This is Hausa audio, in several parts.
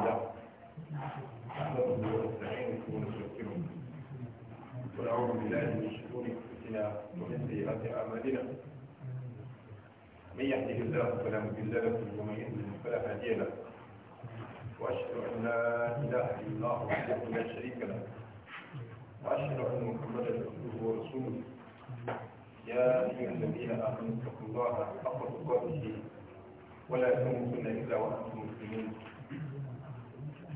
لله نحمده ونستعينه ونستغفره ونعوذ بالله من شرور انفسنا ومن سيئات اعمالنا من يهده الله فلا مضل ومن يضلل فلا هادي له واشهد ان لا اله الا الله وحده لا شريك له واشهد ان محمدا عبده ورسوله يا ايها الذين امنوا اتقوا الله حق تقاته ولا تموتن الا وانتم مسلمون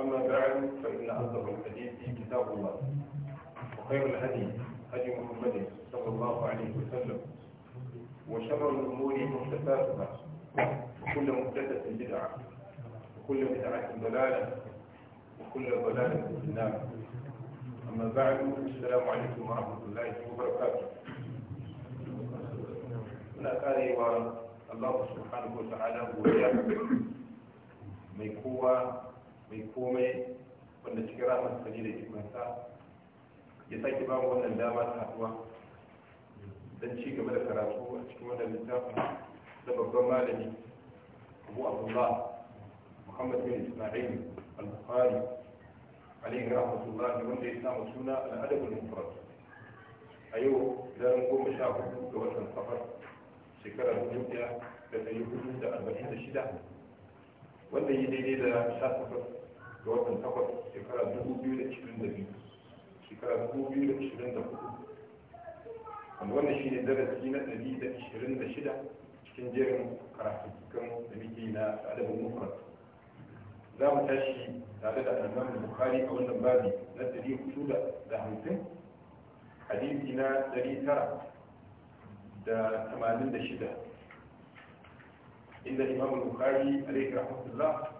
أما بعد فإن أصدق الحديث كتاب الله وخير الهدي هدي محمد صلى الله عليه وسلم وشر الأمور محدثاتها وكل محدثة بدعة وكل بدعة ضلالة وكل ضلالة في النار أما بعد السلام عليكم ورحمة الله وبركاته من الله سبحانه وتعالى هو mai kowa mai komai wanda cikin rahmat sani da hikimarsa ya sake ba mu wannan dama ta haɗuwa don ci gaba da karatu a cikin wannan littafin da babban malami abu abdullah muhammad bin isma'il al-bukhari alaihi rahmatullahi wanda ya samu suna al'adabul mufrad a yau daren goma sha hudu ga watan safar shekarar dubu da ɗari hudu da arba'in da shida wanda yi daidai da sha takwas ga watan takwas shekara dubu biyu da ishirin da biyu shekara dubu biyu da ishirin da hudu wanda wannan shi ne darasi na ɗari da ishirin da shida cikin jerin karatuttukan da muke na adabin mufrad za mu tashi tare da al'amun bukari a wannan babi na ɗari hudu da hamsin hadisi na ɗari tara da tamanin da shida inda imam bukhari alaihi rahmatullah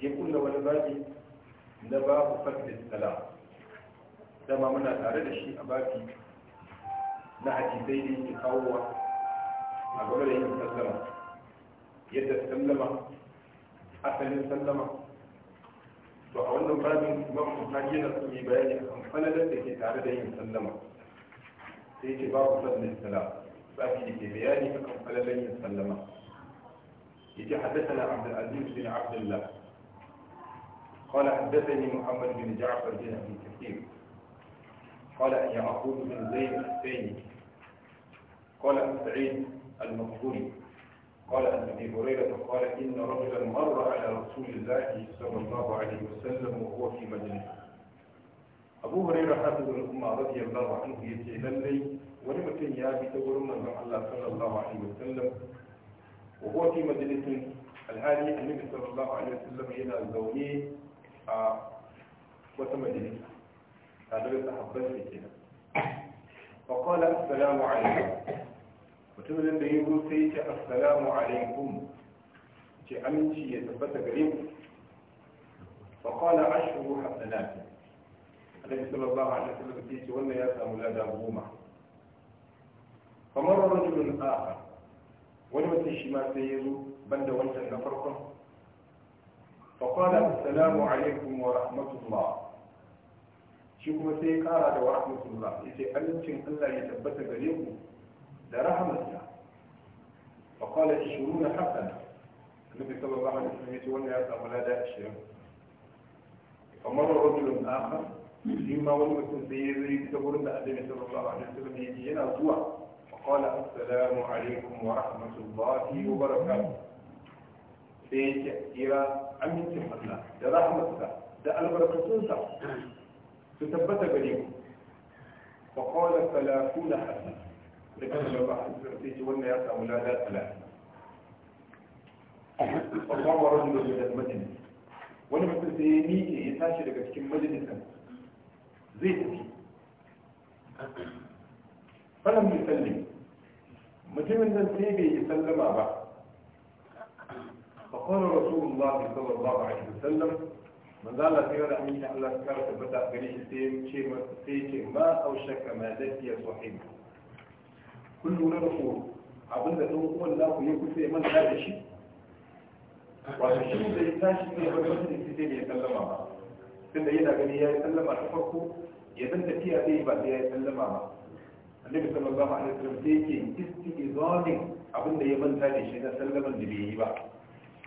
ya kulla wani babi na babu fadlis salam dama muna tare da shi a babi na hadisai da yake kawowa a game da yin sallama yadda sallama asalin sallama to a wannan babin imam bukhari yana son yi bayani akan falalar da ke tare da yin sallama sai ce babu fadlis salam babi da ke bayani akan falalar yin sallama يجي حدثنا عبد العزيز بن عبد الله قال حدثني محمد بن جعفر بن أبي كثير قال أن يعقوب بن زيد الثاني قال أن سعيد المقبولي قال أن أبي هريرة قال إن رجلا مر على رسول الله صلى الله عليه وسلم وهو في مجلس أبو هريرة حافظ الأمة رضي الله عنه يتي الليل ولم يا بي تقول من الله صلى الله عليه وسلم wa huwa fi majalisin alhali annabi sallallahu alaihi wasallam yana zaune a wata majalisa tare da sahabban shi kenan fa qala assalamu alaikum mutumin da ya zo sai ya ce assalamu alaikum ce aminci ya tabbata gare ku fa qala ashru hasanat annabi sallallahu alaihi wasallam ya ce wannan ya samu lada goma fa marra rajulun akhar wani mutum shi ma sai ya zo ban da wancan na farkon faƙwada assalamu alaikum wa rahmatullah shi kuma sai ya kara da wa rahmatullah ya ce amincin allah ya tabbata gare ku da rahamarsa faƙwada ishiru na hasana annabi sallallahu alaihi wasallam ya ce wannan ya samu lada ashirin kamar rajulun akhar shi ma wani mutum sai ya zo ta wurin da annabi sallallahu alaihi wasallam ya ce yana zuwa قال السلام عليكم ورحمة الله وبركاته sai ya amincin Allah da rahmatsa da albarkatunsa su tabbata gare ku fa qala sai ce ya samu lada fa rajulun min al wani mutum sai ya miƙe ya tashi daga cikin majalisan zai tafi falam mutumin nan sai bai yi sallama ba fa qala rasulullahi sallallahu alaihi wasallam man zalla fi yara an yi Allah ta karata bada gari shi sai ce ma sai ce ma au shakka ma dafi ya sahib kun lura da ko abin da dan uwan da ku yi ku sai man da shi wato shi da ya tashi ne ba sai shi sai ya sallama ba tunda yana gani ya yi sallama ta farko ya dan tafiya sai ba sai ya yi sallama ba annabi sallallahu alaihi wasallam sai yake istizamin abin da ya manta da shi na sallaman da bai yi ba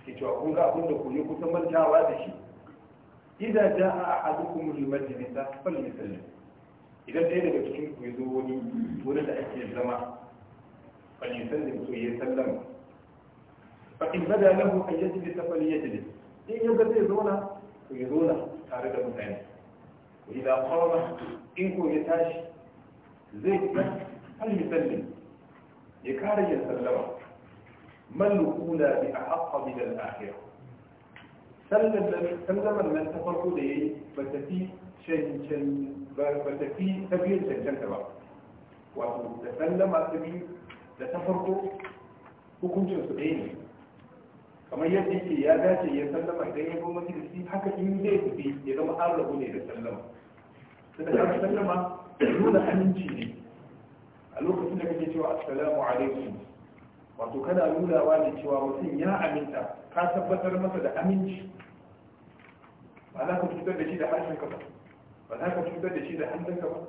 ke cewa kun ga abin da ku yi kusan mantawa da shi idan ja a ahadukum lil majlis fal yusallim idan ɗaya daga cikin ku ya zo wani wurin da ake zama fal yusallim to ya sallama fa in bada lahu an yajlis fal yajlis in ya ga zai zauna to ya zauna tare da mutane idan qama in ko ya tashi zai har yi sallin ya kare ya sallama man lukuna bi a haƙa bi da al'ahira sallaman nan ta farko da ya yi ba ta fi ta biyu cancanta ba wato da sallama ta biyu da ta farko hukuncin su ɗaya ne kamar yadda yake ya dace ya sallama idan ya goma da shi haka in zai fi ya zama arzabu ne da sallama sai da sallama nuna aminci ne a lokacin da kake cewa assalamu alaikum wato kana nuna wa ne cewa mutum ya aminta ka tabbatar masa da aminci ba za ka cutar da shi da ka ba ba za ka cutar da shi da ka ba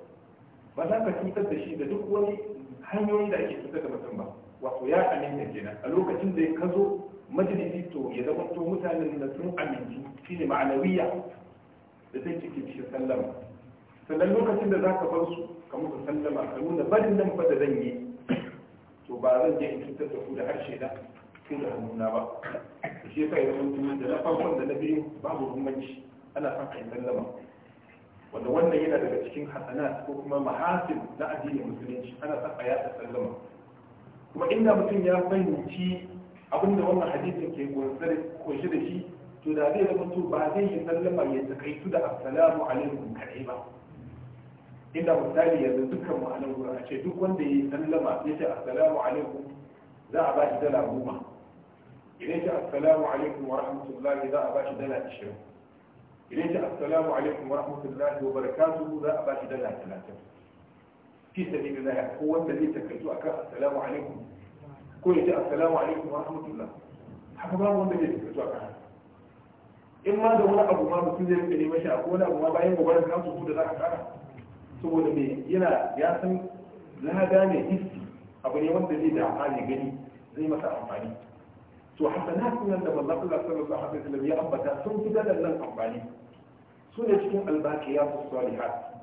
ba za ka cutar da shi da duk wani hanyoyin da ake cutar da mutum ba wato ya aminta kenan a lokacin da ka zo majalisi to ya zama to mutanen da sun aminci shine ma'anawiya da zai cikin sallama sannan lokacin da za ka bar su ka musu sallama ka nuna barin nan fa da zan yi to ba zan je in cutar da ku da harshe na ko da hannuna ba shi yasa ya zama da na farkon da na biyu babu rumanci ana son ka yi sallama wanda wannan yana daga cikin hasanat ko kuma mahasin na addinin musulunci ana son a yada sallama kuma inda mutum ya fahimci abinda wannan hadisin ke kunshe da shi to da zai zama to ba zai yi sallama ya takaitu da assalamu alaikum kadai ba Ina misali yanzu dukkan mu a nan gurin a ce duk wanda ya yi sallama ya ce assalamu alaikum za a ba shi dala goma idan ce assalamu alaikum wa rahmatullahi za a ba shi dala ashirin idan ce assalamu alaikum wa rahmatullahi wa barakatuhu za a ba shi dala talatin fi ya ko wanda zai takaitu akan assalamu alaikum ko ya ce assalamu alaikum wa rahmatullahi haka babu wanda zai takaitu akan in ma da wani abu ma mutum zai rike neman shi a ko wani abu ma bayan gobarar kansu da za a kara saboda me yana ya san lada gane hissi abu ne wanda zai da amfani gani zai masa amfani to na nan da manzon Allah sallallahu alaihi da ya ambata sun fi dadan nan amfani su ne cikin ya as-salihat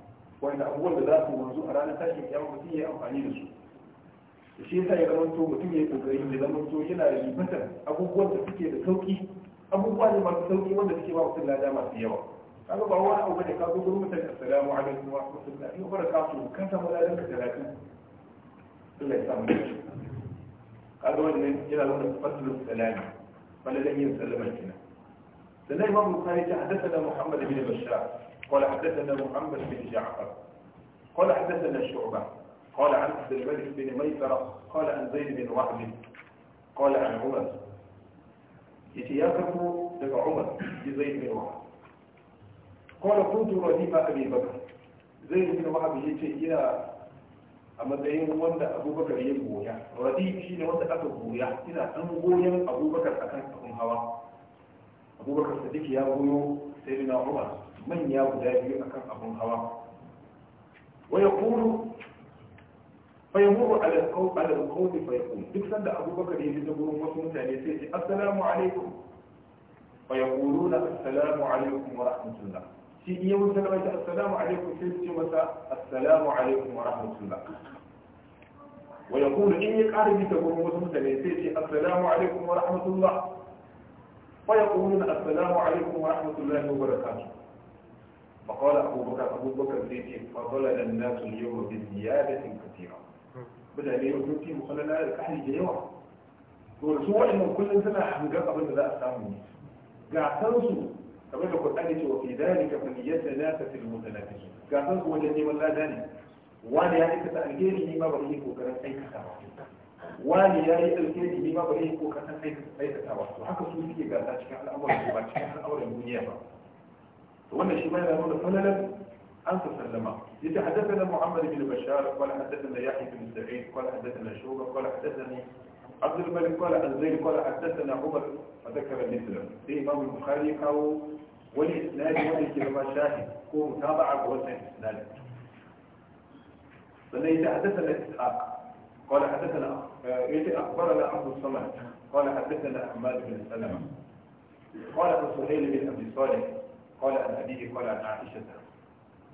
wanda abubuwan da za su wanzu a ranar tashin kiyama mutum ya amfani da su shi yasa ya zama to mutum ya kokari ya zama to yana ribatar abubuwan da suke da sauki abubuwa ne masu sauki wanda suke ba mutum lada masu yawa kaga ba wani abu ne ka zo gurin mutane assalamu alaikum wa rahmatullahi wa barakatuh kan samu ladan ka talatin Allah ya samu kaga wannan yana nuna fadlul salami falalan yin sallama kenan sannan imam bukhari ya haddathana muhammad bin bashar قال حدثنا محمد بن جعفر قال حدثنا شعبة قال عن عبد الملك بن ميسرة قال عن زيد بن وهب قال عن عمر يتياكم لك عمر بزيد بن وهب kawai kuntu rahima abi baka zai yi kuma abu ce ina a matsayin wanda abubakar ya goya radi shi ne wanda aka goya ina an goyon abubakar akan abun hawa abubakar sadiq ya goyo sai na umar manya guda biyu akan abun hawa wa yaqulu fa yamuru ala kawai ala alqawl duk sanda abubakar ya fita gurin wasu mutane sai ya assalamu alaikum fa yaquluna assalamu alaikum wa rahmatullah سيئة وسلم السلام عليكم سيئة ومساء السلام عليكم ورحمة الله ويقول إن يقارب تقول مسلم سيئة السلام عليكم ورحمة الله فيقولون السلام عليكم ورحمة الله وبركاته فقال أبو بكر أبو بكر سيئة فضلل الناس اليوم بزيادة كثيرة بدأ لي أجلتي مخلنا الكحل جيوه ورسوه إنه كل سنة حمقا قبل لا أسامني قاعد تنصر kamar da Qur'ani ce wa fi dhalika falyatanafasu almutanafisun ga san ku wajen neman lada ne wani ya aikata alheri ni ma ba yi kokarin aikata ba wani ya yi alheri ni ma ba yi kokarin aikata ba to haka su suke gasa cikin al'amuran ba cikin al'amuran duniya ba to wannan shi ma yana nuna falalar أنت سلمة يتحدثنا محمد بن بشار قال حدثنا يحيى بن سعيد قال حدثنا شوبة قال حدثني عبد الملك قال الزيل قال حدثنا عمر فذكر مثله في إمام البخاري أو والإسناد وإنك لما شاهد هو متابعة بوزن الإسناد فليس حدثنا إسحاق قال حدثنا يأتي أخبرنا عبد الصمد قال حدثنا حماد بن سلمة قال أبو سهيل بن أبي صالح قال عن أبيه قال عن عائشة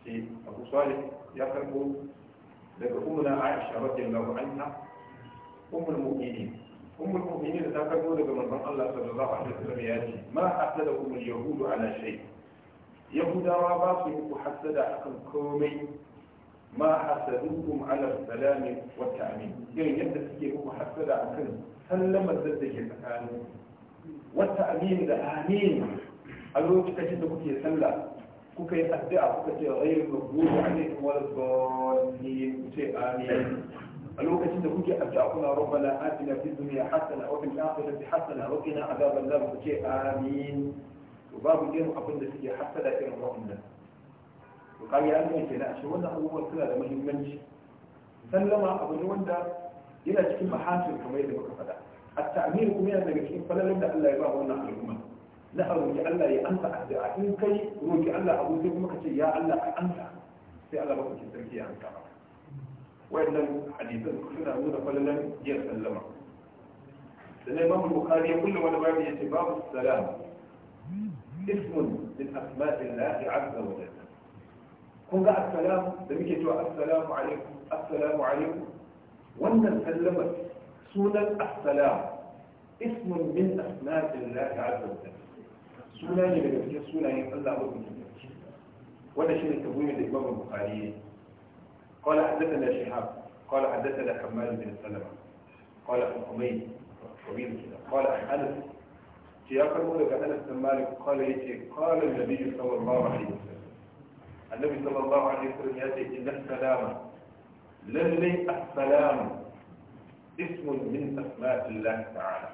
في أبو صالح يقرب أمنا عائشة رضي الله عنها أم المؤمنين ummul mu'minin ta karbo daga manzon Allah sallallahu alaihi wasallam ya ce ma hasada yahudu ala shay yahudawa ba su yi ku hasada akan komai ma hasadukum ala salami wa ta'min irin yadda suke ku hasada akan sallamar da take tsakanin wata amin da amin a lokacin da kuke sallah addu'a kuka ce a maghdubi amin a lokacin da kuke addu'a kuna rabbana atina fid dunya hasana wa fil akhirati hasana wa qina adhaban nar ku ce amin to babu irin abin da suke hasada irin wannan to kai ya nuna kenan shi wannan abubuwan suna da muhimmanci sallama abu ne wanda yana cikin mahasir kamar yadda muka faɗa at-ta'mir kuma yana daga cikin falalar da Allah ya ba wannan al'umma na a roƙi Allah ya amsa addu'a in kai roƙi Allah abu sai kuma ka ce ya Allah a amsa sai Allah ba ku sarki ya amsa maka wayannan hadisan suna nuna falalan yin sallama sannan imam Bukari ya kullum wani babu yace babu salam ismun min asma'illahi azza wa jalla kun ga assalamu da muke cewa assalamu alaikum assalamu alaikum wannan sallama sunan assalamu ismun min asma'illahi azza wa jalla suna ne daga cikin sunayen Allah ba wanda shi ne tabbuyin da imam bukhari قال حدثنا شهاب قال حدثنا حماد بن سلمة قال عن حميد طويل كده قال عن أنس سياق المولد عن أنس بن مالك قال يتي قال النبي صلى الله عليه وسلم النبي صلى الله عليه وسلم يأتي إن السلام للي السلام اسم من أسماء الله تعالى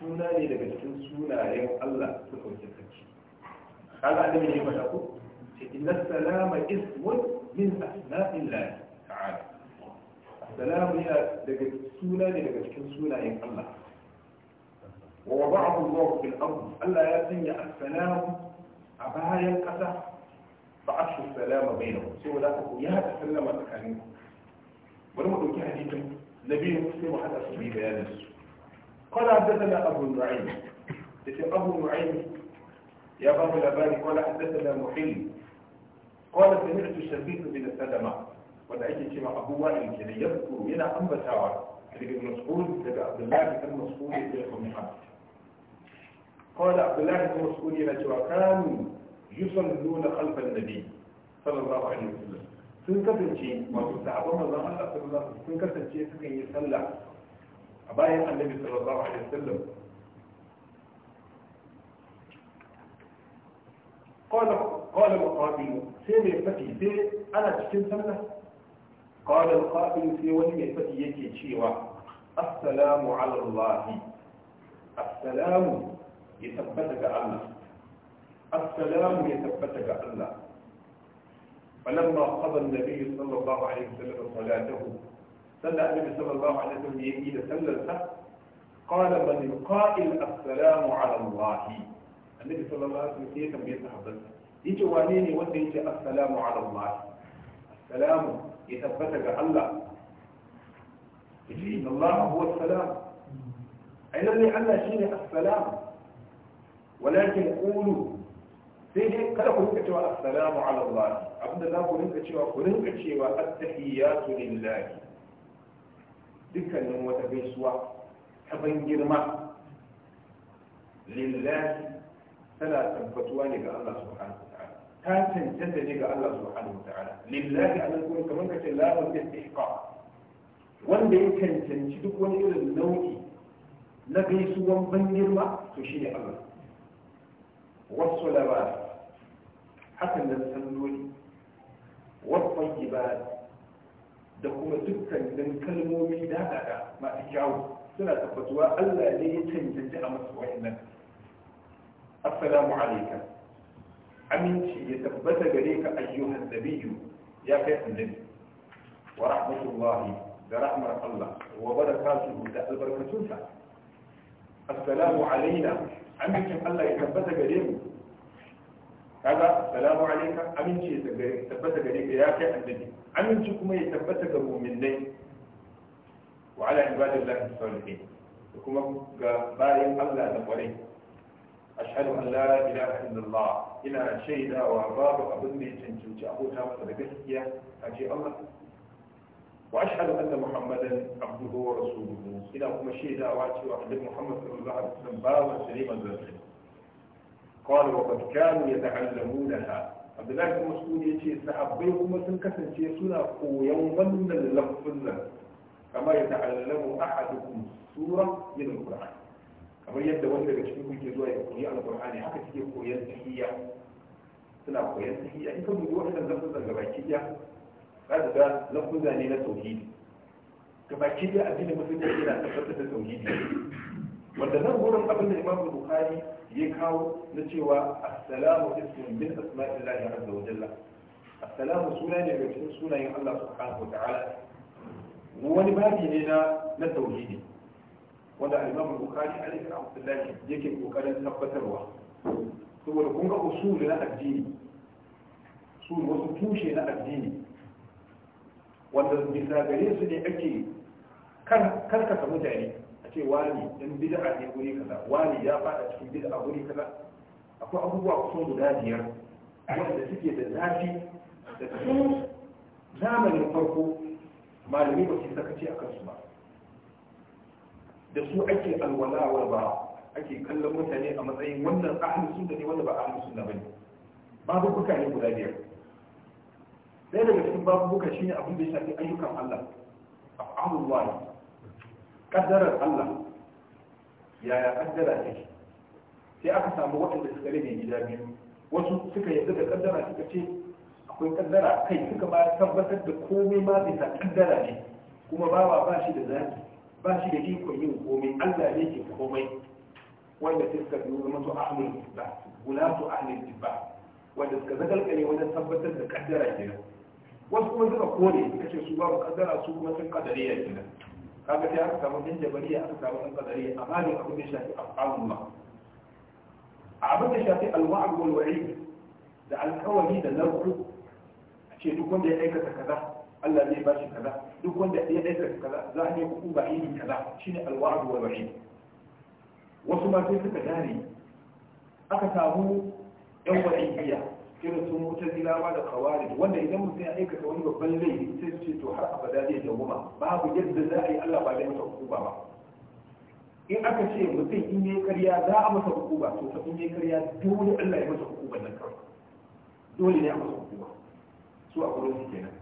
suna ne daga cikin sunayen Allah suka wuce sarki kaga annabi إن السلام اسم من أسماء الله سلام يا دك سونا دي دك تكون سونا يا الله ووضع الله في الارض الا ياتي السلام ابها ينقطع فعش السلام بينهم سوى لا تكون يا تسلم مكانك ولما دوك حديث النبي مسلم حتى في بيان قال حدثنا ابو نعيم ابو نعيم يا بابا لبالي قال حدثنا محل قال سمعت الشبيب بن سلمه wanda ake cewa abu ke da yadkuru yana ambatawa daga ibn mas'ud daga abdullahi ibn mas'ud da ibn hamid qala abdullahi ibn mas'ud yana cewa kanu yusalluna khalfan nabi sallallahu alaihi wasallam sun kasance wato sahabban manzon Allah sallallahu alaihi sun kasance sukan yi sallah a bayan annabi sallallahu alaihi wasallam قال قال مقابل سيدي فتي سيدي انا تشكين سنه qala al yake cewa assalamu ala allah assalamu ya ya tabbata ga Allah ya ce inna Allah huwa salam ai lalle Allah shine assalam walakin qulu sai dai kada ku rinka cewa assalamu ala Allah abinda za ku rinka cewa ku rinka cewa attahiyatu lillahi dukkanin wata gaisuwa ta ban girma lillahi tana tabbatuwa ne ga Allah subhanahu ta cancanta ne ga Allah subhanahu wa ta'ala lillahi ala kulli kamar kace la wa istihqaq wanda ya cancanci duk wani irin nau'i na gaisuwan ban girma to shi ne Allah wasu labari hakan da salloli wasu ibada da kuma dukkanin kalmomi da masu kyawu suna tabbatuwa Allah ne ya cancanci a masu wa'annan assalamu alaikum aminci ya tabbata gare ka ayyuhan nabiyyu ya kai annabi wa rahmatullahi da rahmar Allah wa barakatuhu da albarkatunsa assalamu alaina amincin Allah ya tabbata gare mu kaga assalamu alayka aminci ya tabbata gare ka ya kai annabi aminci kuma ya tabbata ga mu'minai wa ala ibadillahi salihin kuma ga bayan Allah da kwarai ashhadu an la ilaha illallah ina shaida babu abin mai cancanci abota masa da gaskiya a ce Allah wa ashhadu anna muhammadan abduhu wa rasuluhu ina kuma shaidawa cewa annabi muhammad sallallahu alaihi wasallam babu sirri man zai qala wa qad kanu yata'allamunaha abdullahi bin mas'ud yace sahabbai kuma sun kasance suna koyon wannan lafzin nan kama yata'allamu ahadukum sura min al-qur'an kamar yadda wani daga cikin kuke zuwa ya koyi alkur'ani haka suke koyan tahiyya suna koyan tahiyya in ka dubi wannan lafuzan gabaki ɗaya za ka ga lafuza ne na tauhidi gabaki ɗaya addinin musulunci yana tabbatar da tauhidi wanda nan gurin abin da imamu bukhari ya kawo na cewa assalamu ismun min asma'illahi azza wa jalla assalamu suna ne daga cikin sunayen Allah subhanahu wa ta'ala wani babi ne na na tauhidi wanda al bukari a alaihi Abdullahi yake kokarin tabbatarwa saboda kun ga usul na addini su wasu tushe na addini wanda bisa gare su ne ake karkata mutane a ce wani in bid'a ne guri kaza wani ya fada cikin bid'a guri kaza akwai abubuwa kusan guda biyar wanda suke da zafi da su zamanin farko malamai ba su sakaci a kansu ba da su ake alwala wa ba ake kallon mutane a matsayin wannan ahlus sunna ne wanda ba ahlus sunna bane babu buka ne guda biyar ɗaya daga cikin babu buka shine abin da ya shafi ayyukan Allah af'alul wahi kaddarar Allah yaya kaddara take sai aka samu waɗanda suka rage gida biyu wasu suka yarda da kaddara suka ce akwai kaddara kai suka ma tabbatar da komai ma bisa kaddara ne kuma bawa ba shi da zaki ba shi da ikon yin komai Allah ne ke komai wanda suka biyu zama to ahlul jibba su ahlul jibba wanda suka zagalgale wajen tabbatar da kaddara kenan wasu kuma suka kone suka ce su babu kaddara su kuma sun kadariya kenan kaga sai aka samu jin jabariya aka samu sun kadariya amma ne abin da shafi afalun ma abin da shafi alwa'ad wal da alkawari da narko a ce duk wanda ya aikata kaza Allah zai ba shi kaza duk wanda ya aikata kaza za a yi hukum ba iri kaza shine alwa'd wal wa'id wasu ma sai suka dare aka samu yan wa'idiyya irin sun su mutazilawa da khawarij wanda idan mutum ya aikata wani babban laifi sai su ce to har abada zai dawoma babu yadda za a yi Allah ba zai masa hukuma ba in aka ce mutum in yi karya za a masa hukuma to ta in yi karya dole Allah ya masa hukuman nan kawai dole ne a masa hukuma su a gurin su kenan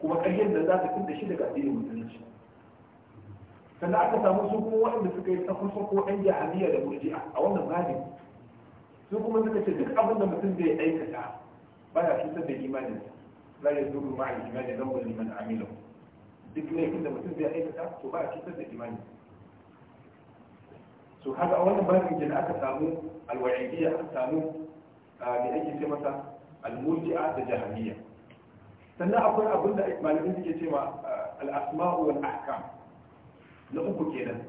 kuma ƙaryar da za ta tunda shi daga addinin musulunci sannan aka samu su kuma waɗanda suka yi tsakon ko ɗan jahaniya da murji'a a wannan babin su kuma suka ce duk abin da mutum zai aikata ba ya cutar da imanin la ya zuru ma'a imanin rawar liman amilu duk laifin da mutum zai aikata to ya cutar da imanin to haka a wannan babin kenan aka samu alwa'idiyya aka samu da ah, ake ce masa almurji'a da jahaniya sannan akwai abin da malamin suke ce ma uh, al'asma'u wal ahkam na uku kenan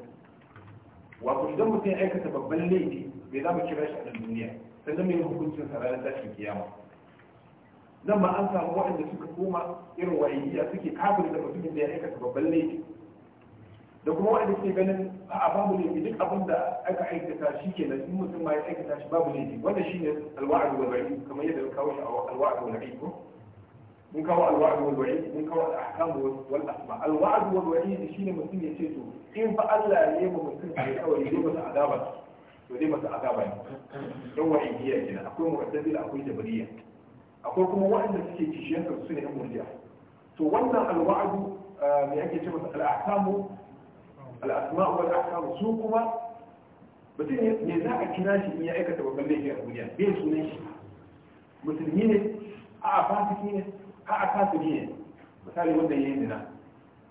wato idan mutum ya aikata babban laifi bai za mu kira shi a nan duniya sannan mai hukuncin sararin ranar tashin kiyama nan ma an samu waɗanda suka koma irin wa'idiyya suke kafin da mutumin da ya aikata babban laifi da kuma waɗanda suke ganin a babu laifi duk abin da aka aikata shi kenan in mutum ma ya aikata shi babu laifi wannan shine alwa'ad wal kamar yadda kawo shi a alwa'ad wal ko mun kawo alwa'adu wal wa'id mun kawo al-ahkam wal asma alwa'd wal wa'id shine mutum ya ce to in fa Allah ya yi wa mutum alƙawari zai masa azaba to zai masa azaba ne don wa'idiyya kenan akwai mu'tazila akwai jabariyya akwai kuma waɗanda suke kishiyar su sune yan murji'a to wannan alwa'adu eh, me ake ce masa al-ahkam al-asma wal ahkam su kuma mutum ne za a kira shi in ya aikata babban laifi a duniya bai sunan shi musulmi ne a fasiki ne a a kafiri ne misali wanda ya yi zina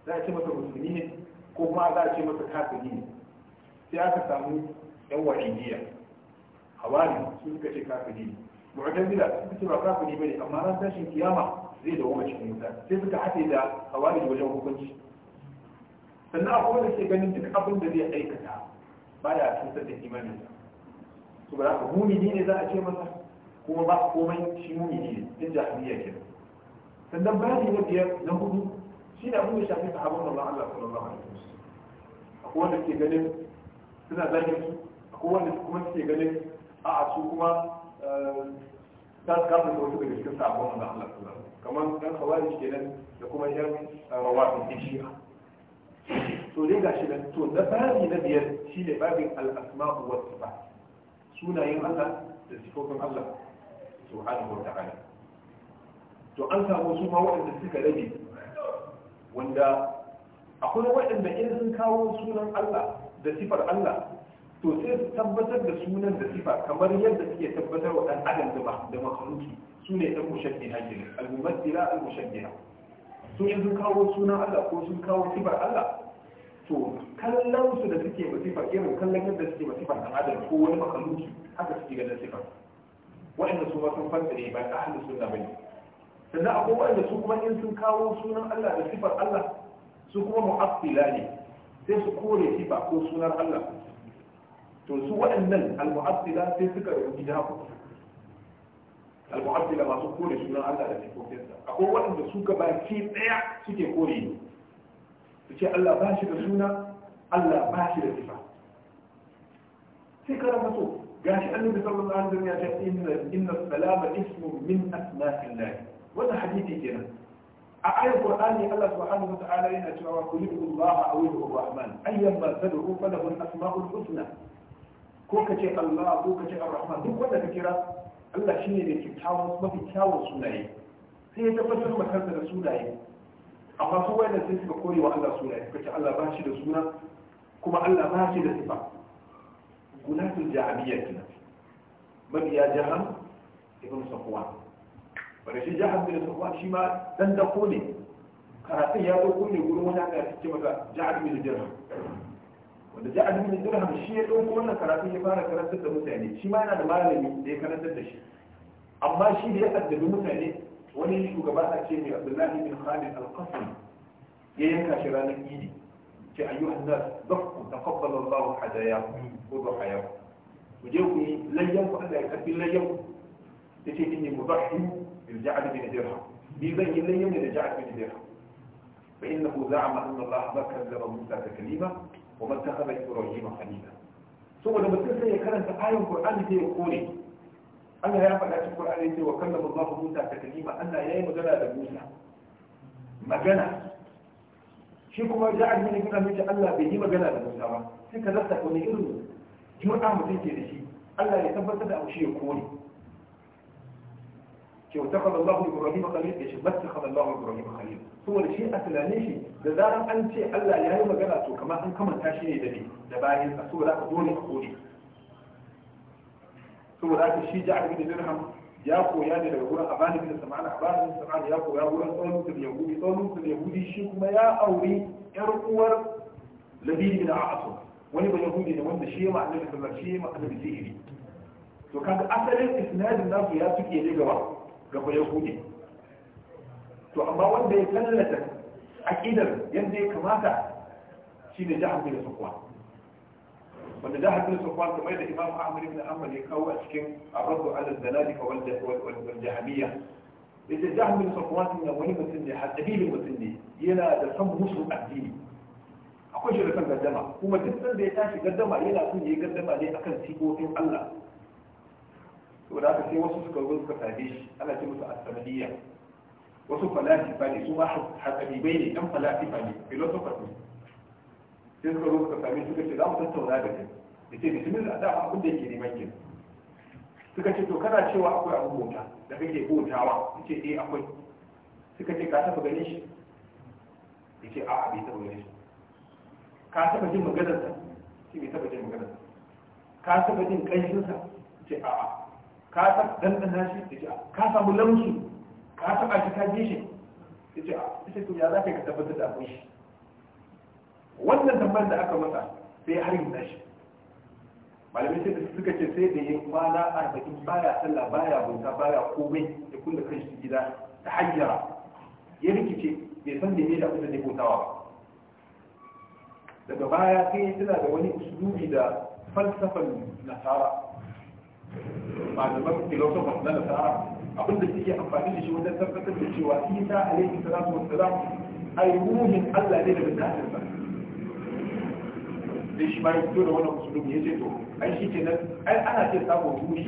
za a ce masa musulmi ne ko kuma za a ce masa kafiri ne sai aka samu yan wa'idiyya hawari su suka ce kafiri ne mu'tazila suka ce ba kafiri bane amma ran tashin kiyama zai dawo cikin wuta sai suka haɗe da hawari wajen hukunci sannan akwai wanda ke ganin duk abin da zai aikata ya cutar da imaninsa to ba za ka mumini ne za a ce masa kuma ba komai shi mumini ne din jahiliya kenan sannan bayani na biyar na hudu shi ne abin da shafi sahabban manzon Allah sallallahu alaihi wasallam akwai wanda ke ganin suna zagin su akwai wanda kuma suke ganin a su kuma ta kafa da wasu daga cikin sahabban manzon Allah sallallahu alaihi wasallam kamar dan khawarij kenan da kuma yan rawafin shi'a to dai gashi nan to da bayani na biyar shi ne babin al-asma'u was sifat sunayen Allah da sifofin Allah subhanahu wa ta'ala to an samu su ma waɗanda suka rage wanda akwai waɗanda in sun kawo sunan Allah da sifar Allah to sai su tabbatar da sunan da sifa kamar yadda suke tabbatar wa ɗan adam da da makhluki su ne ɗan mushabbiha ke al-mumathila al-mushabbiha su in sun kawo sunan Allah ko sun kawo sifar Allah to kallon su da suke ba sifar irin kallon yadda suke ba sifar ɗan adam ko wani makhluki haka suke ganin sifar waɗanda su ma sun fassare ba ta ahlus sunna ne. sannan akwai wanda su kuma in sun kawo sunan Allah da sifar Allah su kuma mu'abbila ne sai su kore sifa ko sunan Allah to su waɗannan al-mu'affila sai suka rubuta jahu al-mu'affila masu kore sunan Allah da sifofinsa akwai waɗanda su baki ɗaya suke kore ne su ce Allah ba shi da suna Allah ba shi da sifa sai kana maso gashi annabi sallallahu alaihi wasallam ya ce inna inna salama ismun min asma'illah Wata hadisi kenan a ayar qur'ani Allah subhanahu wa ta'ala yana cewa qul huwallaha aw ar-rahman ayyan ma tad'u falahu al-asma'ul husna ko kace Allah ko kace ar-rahman duk wanda ka kira Allah shine ne kyakkyawan mafi kyawun sunaye sai ya tabbatar maka da sunaye amma su wanda sai suka kore wa Allah sunaye suka ce Allah ba shi da suna kuma Allah ba shi da sifa gunatul ja'aliyyah mabiya jahannam ibn safwan wanda shi jihar bin safwan shi ma dan da ne karatun ya zo kunne gurin wani aka cike masa jihar bin dirham wanda jihar bin dirham shi ya ɗauko wannan karatun ya fara karantar da mutane shi ma yana da malami da ya karantar da shi amma shi da ya addabi mutane wani shugaba a ce mai abdullahi bin khalid al-qasim ya yanka shi ranar idi ce ayyuhan nas zakku taqabbala Allahu hadayakum wa dhahayakum ku je ku yi layyan ku Allah ya karbi layyan ku yace inni mudahhi bil ja'd bin dirham bi zan yi layyan da ja'd bin dirham fa innahu za'ama anna Allah bakallama Musa taklima wa mattakhadha Ibrahim khalila saboda mutum sai ya karanta ayin Qur'ani sai ya kore Allah ya faɗa cikin Qur'ani cewa kallama Allah Musa taklima Allah yayi magana da Musa magana shi kuma ja'ad min ibn amri Allah bai yi magana da Musa ba sai irin jur'a mutum ke da shi Allah ya tabbatar da abu shi ya شو اتخذ الله ابراهيم خليل ايش بس اتخذ الله ابراهيم خليل هو الشيء الثلاثي لذلك شيء الا يا يوم جلاته كما ان كما تاشيني دبي دباي اسورا دون اقولي ثم ذلك الشيء جعل من درهم ياكو يا دي لغورا ابان بن سمعان ابان بن سمعان ياكو يا غورا صون في اليهودي صون في اليهودي شي كما يا اوري يرقور لبيل بن عاصم وني بن يهودي ده وند شي ما عندك في المرشيه ما كان بيجي لي تو كان اثر الاسناد الناس يا تكي لي جواب ga ya yahudi to amma wanda ya tallata aqidar yadda ya kamata shi ne jihar bin safwan wanda jihar bin safwan kamar da imam ahmad ibn hanbal ya kawo a cikin arraddu ala dalalika wal jahamiyya yace jihar bin safwan ne wani mutum ne haddabili mutum ne yana da san musu addini akwai shi da san gaddama kuma duk da ya tashi gaddama yana son ya yi gaddama ne akan sifofin Allah to da sai wasu suka zo suka same shi ana ce musu asanadiyya wasu falasifa ne su ma hasabibai ne ɗan falasifa ne philosophers ne sai suka zo suka same suka ce za mu tattauna da kai da ce bismillah da abin da yake neman kin suka ce to kana cewa akwai abu bauta da kake bautawa in ce eh akwai suka ce ka taɓa ganin shi ya ce a'a bai taɓa ganin shi ka taɓa jin maganarsa shi bai taɓa jin maganarsa ka taɓa jin ƙanshinsa ya ce a'a ka san dandana shi yace ka samu lamsu ka taba shi ka ji shi yace sai to ya za ka tabbatar da abin shi wannan tambayar da aka masa sai har yin tashi malamai sai da suka ce sai da yin kwana arba'in baya sallah baya bauta baya komai ya kulle kan shi gida ta hanyara ya rikice bai san da ne da abin da ya bautawa ba daga baya sai tana da wani usulubi da falsafan nasara da malaman filosofan na nasara abin da suke amfani da shi wajen tabbatar da cewa isa alaihi salatu wassalam ai ruhin Allah ne da daga zatinsa sai shi ma ya fito da wannan musulmi ya ce to ai shi kenan ai ana ce samun ruhi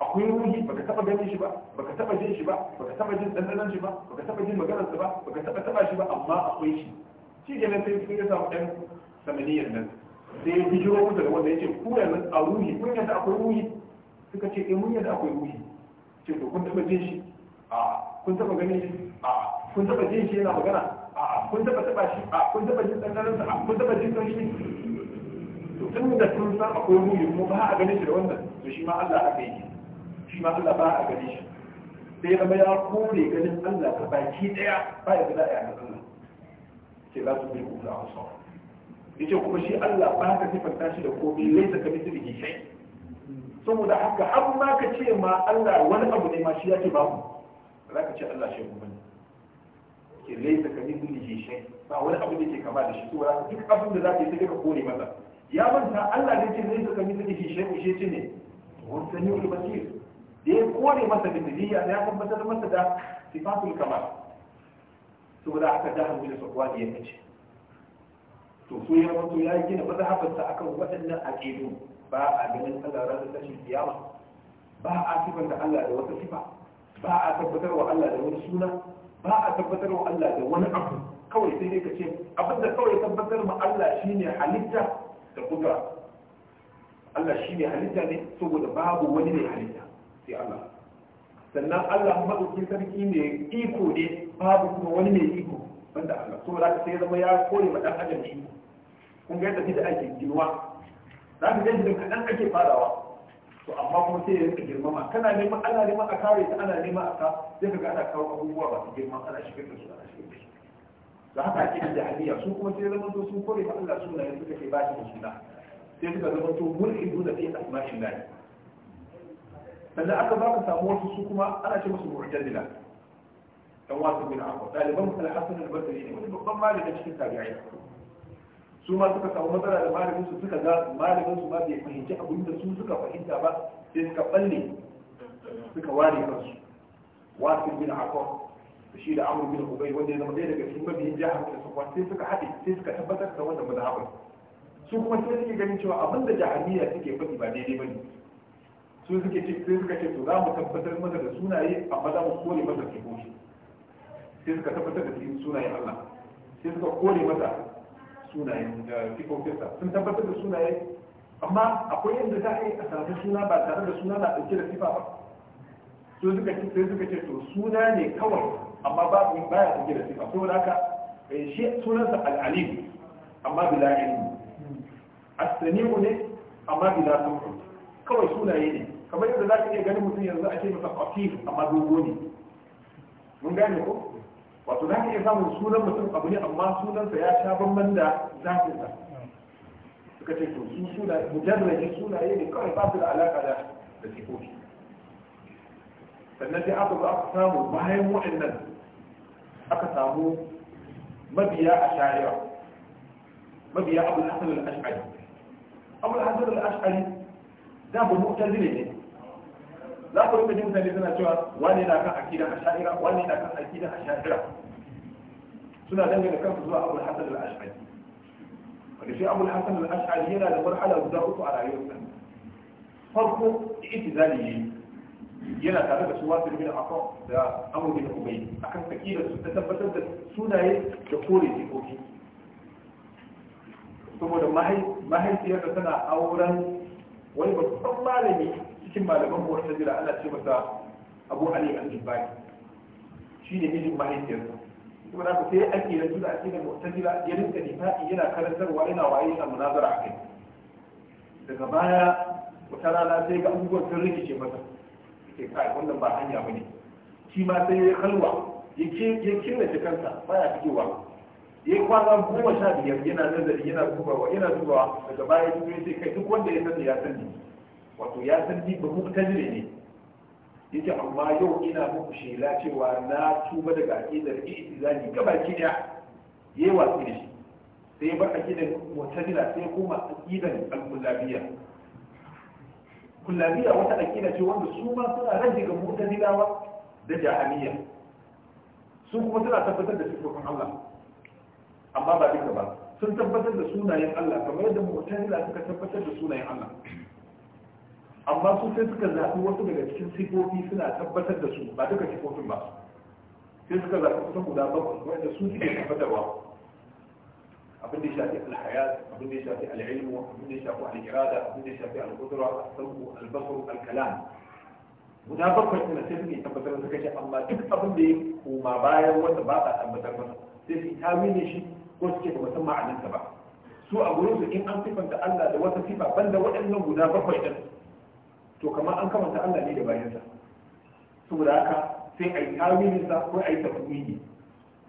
akwai ruhi baka taba ganin shi ba baka taba jin shi ba baka taba jin dandanan shi ba baka taba jin maganar ba baka taba taba shi ba amma akwai shi shi kenan sai ya samu ɗan samaniyar nan sai ya bijiro musu da wanda ya ce ku yanzu a ruhi kun yadda akwai ruhi suka ce eh mun yadda akwai ruhi ce to kun taba jin shi a kun taba ganin shi a kun taba jin shi yana magana a kun taba taba shi a kun taba jin dandanan a kun taba jin shi to tun da kun san akwai ruhi kuma ba a ganin shi da wannan to shi ma Allah aka yi shi ma Allah ba a ganin shi sai zama ya kore ganin Allah ka baki daya ba ya da ya ga Allah ce za su bi ku da wasu yace kuma shi Allah ba ka sifanta shi da komai laisa ka da shay saboda haka har ma ka ce ma Allah wani abu ne ma shi yake babu mu za ka ce Allah shi kuma ne ke laisa ka mithlihi shay ba wani abu ne ke kama da shi to duk abin da za ka yi sai ka kore masa ya manta Allah ne ce laisa ka mithlihi shay shi ce ne wa samiul basir da ya kore masa da mithliya ya tabbatar masa da sifatul kamal saboda haka da hanzu da sakwani ya ce to so ya wato ya gina a kan waɗannan aqidu ba a ganin Allah ranar tashin kiyama ba a sifanta Allah da wata sifa ba a tabbatar wa Allah da wani suna ba a tabbatar wa Allah da wani abu kawai sai dai ka ce abin da kawai tabbatar ma Allah shine halitta da kudura Allah shine halitta ne saboda babu wani ne halitta sai Allah sannan Allah madaukin sarki ne iko ne babu kuma wani mai iko banda Allah to za ka sai zama ya kore ma dan adam shi kun ga yadda da ake girma za ka gaji da kaɗan ake farawa to amma kuma sai ya rinka girmama kana neman ana neman a kare ta ana neman a ka sai ka ga ana kawo abubuwa ba su girma ana shigar da su ana shigar da su za haka ake da jahiliya su kuma sai zama to sun kore ma Allah sunaye suka ce ba shi da suna sai suka zama to mulhidu da fi asma'illah sannan aka ba ka samu wasu su kuma ana ce musu mu'tazila dan wasu bin abu ɗaliban alhassan albasari ne wani babban malami cikin tabi'ai su ma suka samu matsala da malamin su suka ga malamin su ma bai fahimci abin da su suka fahimta ba sai suka balle suka ware kansu wasu bin abu da shi da amur bin ubai wanda ya zama ɗaya daga cikin mabiyin jihar da su sai suka haɗe sai suka tabbatar da wanda wannan mazhabin su kuma sai suke ganin cewa abin da jahaniya suke faɗi ba daidai ba ne su suke ce sai suka ce to za mu tabbatar masa da sunaye amma za mu kore masa sifofi sai suka tabbatar da sunayen Allah sai suka kore masa sunayen eh, sifofinsa sun tabbatar da sunaye amma akwai yadda za a yi a sami suna ba tare da suna na ɗauke da sifa ba so suka sai suka ce to suna ne kawai amma ba babu baya ɗauke da sifa saboda haka eh, shi sunansa Al al'alim amma bila ilmi as-sami'u ne amma bila sam'u kawai sunaye ne kamar yadda za ka iya ganin mutum yanzu ake masa qatil amma dogo ne mun gane ko wato za ka iya samun sunan mutum abu ne amma sunansa ya sha bamban da zafinsa suka ce to su suna mujarrajin sunaye ne kawai ba su da alaka da da sifofi sannan sai aka zo aka samu bayan waɗannan aka samu mabiya a shari'a mabiya abu hasan al-ash'ari abu hasan al-ash'ari da ba mu'tazili ne za ku rubuta jin mutane suna cewa wani na kan akidan ash'ira wani na kan akidan ash'ira suna dangin da kansu zuwa abul hasan al-ash'ari wanda shi abul hasan al-ash'ari yana da marhala guda uku a rayuwarsa farko itizali yayi yana tare da su wasu bin akan da amur bin ubay akan fakira su ta tabbatar da sunaye da kore jikoki saboda mahaifiyar da tana auren wani babban malami cikin malaman jira ana ce masa Abu Ali al Shi shine mijin mahaifiyarsa kuma da sai ake da su da ake da jira ya rinka difa'i yana karantarwa yana waye yana munazara akai daga baya wata rana sai ga abubuwan sun rikice masa ke kai wannan ba hanya bane shi ma sai ya kalwa ya killace kansa baya fitowa ya yi kwana goma sha biyar yana nazari yana dubawa yana dubawa daga baya ya sai kai duk wanda ya sani ya sani wato ya san ni ba muktajire ne yake amma yau ina muku shela cewa na tuba daga aƙidar i'tizali gabaki daya yayi watsi da shi sai ya bar aƙidar mu'tazila sai ya koma aƙidar al-kullabiyya kullabiyya wata aƙida ce wanda su ma suna rage ga mu'tazilawa da jahamiyya su kuma suna tabbatar da sifofin Allah amma ba duka ba sun tabbatar da sunayen Allah kamar yadda mu'tazila suka tabbatar da sunayen Allah amma su sai suka zaɓi wasu daga cikin sifofi suna tabbatar da su ba duka sifofin ba sai suka zaɓi kusan guda bakwai wanda su suke tabbatarwa abin da ya shafi alhayat abin da ya shafi al'ilmu abin da ya shafi al'irada abin da ya shafi al'udura al-sarku al-basaru guda bakwai suna sai suke tabbatar suka ce amma duk abin da ya koma bayan wanda ba a tabbatar masa sai su ne shi ko suke ba musamman ma'anarsa ba su a gurin su in an sifanta Allah da wata sifa banda waɗannan guda bakwai ɗin to kamar an kamanta Allah ne da bayansa saboda haka sai a yi tawilin sa ko a yi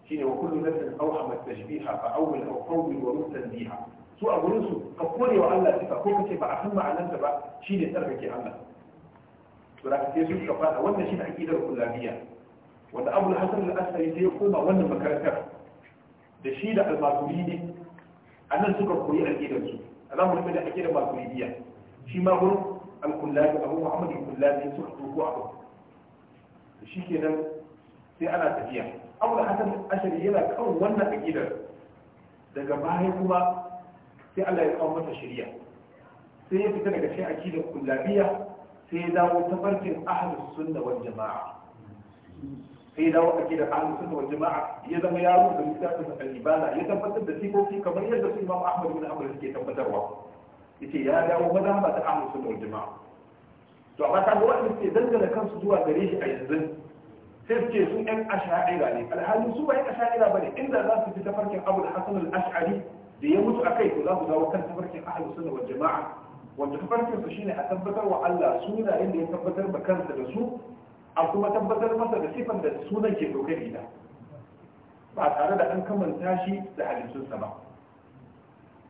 Shi ne wa kullu nafsin aw amat tashbiha fa awwal aw qawli wa mutanziha su a gurin su ka kore wa Allah sifa ko kace ba a san ma'anarsa ba shi shine tsarkake Allah to da sai su ka fada wannan shine aqidar kullabiyya wanda Abu Hasan al-Asari sai ya koma wannan makarantar da shi da al-Maturidi annan suka koyi aqidar su alamu ne da aqidar maturidiyya shi ma gurin al-kullabi abu muhammad al suka doko abu shi kenan sai ana tafiya abu hasan ashari yana kan wannan aqidar daga baya sai Allah ya kawo mata shari'a sai ya fita daga cikin aqidar sai ya dawo tafarkin ahlus sunna wal jama'a sai ya dawo sunna jama'a ya zama yaro da littafin alibada ya tabbatar da sifofi kamar yadda su Imam Ahmad bin Hanbal suke tabbatarwa yace ya dawo maza ba ta amu su jama'a to amma ta wanda suke dangana kansu zuwa gare shi a yanzu sai suke sun yan asha'ira ne alhali su ba yan asha'ira ne inda za su fi tafarkin abu da hasan ashari da ya mutu akai to za ku dawo kan tafarkin ahlus sunna wal jama'a wanda tafarkin su shine a tabbatar wa Allah sunayen da ya tabbatar ba kansa da su a kuma tabbatar masa da sifan da sunan ke dokari gida ba tare da an kamanta shi da halittunsa ba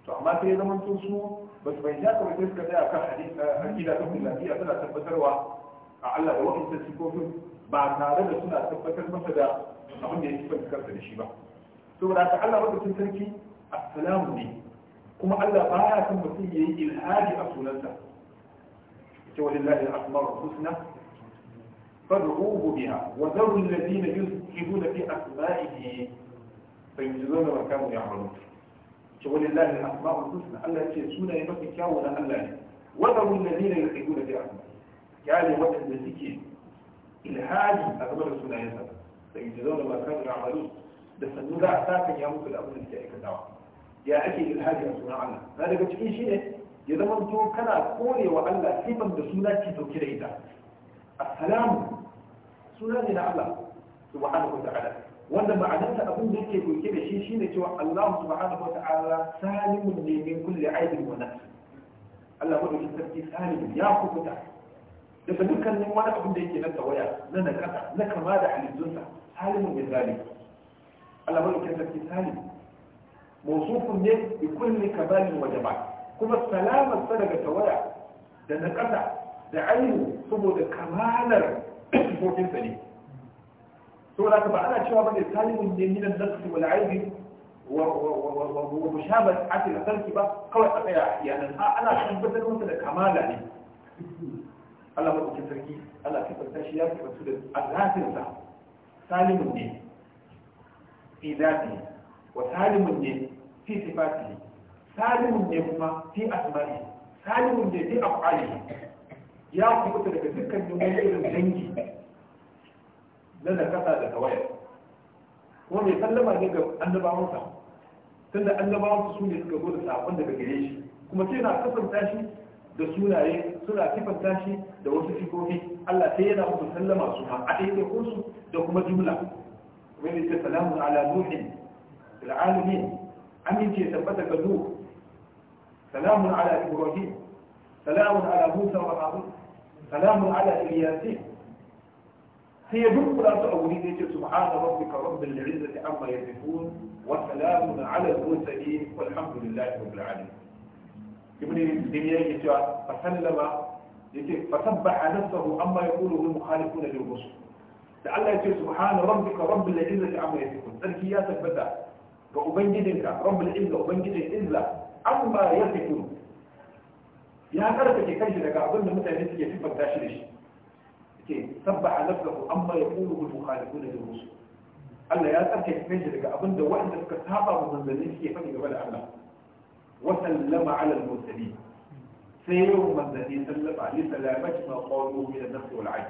to amma sai zama to su ba su bayyana kamar sai suka tsaya kan hadisi eh, akida ta kullafiya tana tabbatarwa a Allah da wa'ansu sifofin ba tare da suna tabbatar masa da abin da ya sifanta kansa da shi ba saboda haka Allah madaukakin sarki assalamu ne kuma Allah baya son mutum yi ilhadi a sunansa ce walillahi al-asmaul husna فادعوه بها وذروا الذين يلحدون في أسمائه فيجزون ما كانوا يعملون ce wani lahi na asma'ul husna Allah ya ce sunaye mafi kyawu na Allah ne wadarun da nina ya tsaye da biya kyale waɗanda suke ilhadi a game da sunayensa da yi zaune ba kan ramalu da sannu za a sakan ya mutu da abin da suke aikatawa ya ake ilhadi a sunan Allah na daga cikin shi ne ya zama kana korewa Allah sifan da suna ke dauke da ita assalamu suna ne na Allah wanda ma'anarsa abin da yake dauke da shi shine cewa Allah subhanahu wa ta'ala salimun ne min kulli aibin wa nafs Allah madaukakin sarki salim ya kubuta daga dukkanin wani abin da yake nan tawaya na nakasa na kama da halittunsa salimun ne zalim Allah madaukakin sarki salim mawsufun ne bi kulli kamalin wa jamal kuma salamar sa daga tawaya da nakasa da ainihi saboda kamalar sifofinsa ne saboda ka ba ana cewa bane talibin ne minan nafsi wal aibi wa mushabat akil sarki ba kawai a tsaya yanan a ana tabbatar masa da kamala ne Allah madaukakin sarki Allah ta tabbata shi ya tabbatu da azatin sa salimun ne fi zati wa salimun ne fi sifati salimun ne kuma fi asma'i salimun ne fi af'ali ya kubuta daga dukkan wani irin dangi na kasa da tawaya kuma mai sallama ne ga annabawansa tunda annabawansa su ne suka zo da sakon daga gare shi kuma sai na kasanta shi da sunaye suna sifanta shi da wasu sifofi Allah sai yana musu sallama su ma a ɗaya kursu da kuma jumla kuma ne salamu ala nuhin fil alamin amince tabbata ga nuh salamun ala ibrahim salamun ala musa wa harun salamun ala ilyasin sai ya dunkula su a wuri ne ce subhana rabbika rabbil ta amma yasifun wa salamun ala al-mursalin walhamdulillahi rabbil alamin ibn dinya yake cewa fa sallama yake fa sabbaha nafsahu amma ya wani al-mukhalifun jirgin su da Allah ya ce subhana rabbika rabbil ta amma ya yasifun sarki ya tabbata ga ubangijinka rabbul izza ubangijin izza amma ya yasifun ya karfafe kanshi daga abinda mutane suke sifanta shi da shi sabbaha nafsahu amma yaqulu al-mukhalifun lil-rusul Allah ya tsarkake shi daga abinda wanda suka saba wa manzanni suke faɗi game da Allah wa sallama ala al-mursalin sai yau manzanni sallama ali salamati ma qalu min an-nafs wal-'ayn